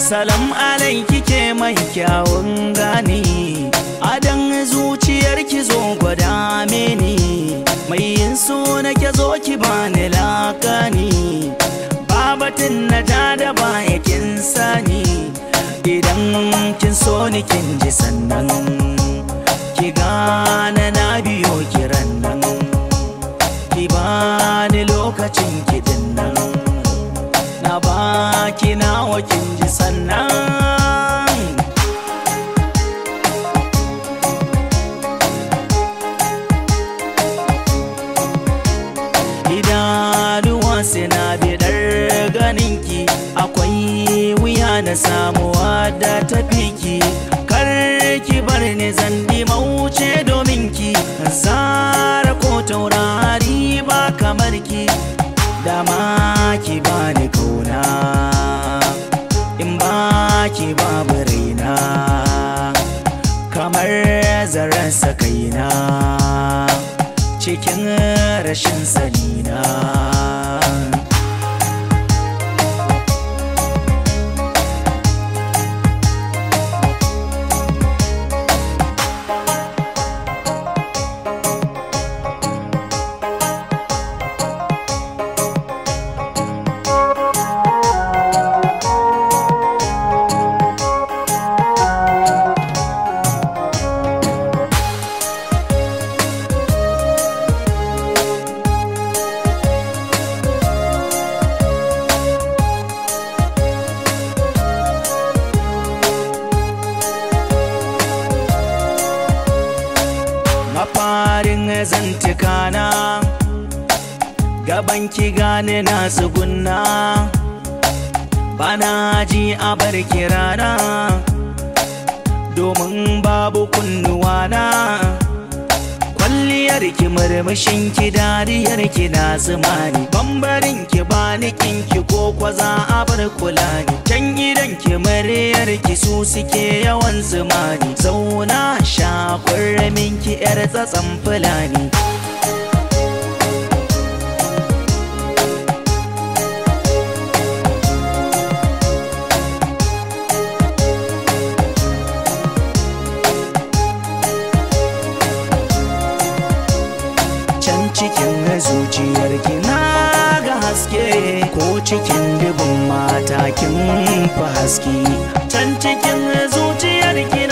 salam alaiki ke mai kyawun gani adan zuciyar ki zo gwada mini mai yin so ke zo ki bani lakani babatin na ja da baya kin sani idan kin so ni kin ji sannan ki gane na biyo kiran nan ki bani lokacin kidin nan na baki na wakin samuwa da tafi ki kar ki bar ni zandi mauce domin ki zara ko taurari ba kamar ki dama ki bani kauna in ba ki babu raina kamar zaren kaina cikin rashin sanina zan tikana gaban ki gane na tsugunna bana ji a bar kirana domin babu kunnuwana kwalliyar ki murmushin ki dariyar ki na zumani bambarin ki banikin ki ko kwaza a bar kula can gidan ki muryar ki su suke yawan zumani zauna ki yar tsatsan fulani cikin zuciyar na ga haske ko cikin dubin mata kin fi haske can cikin zuciyar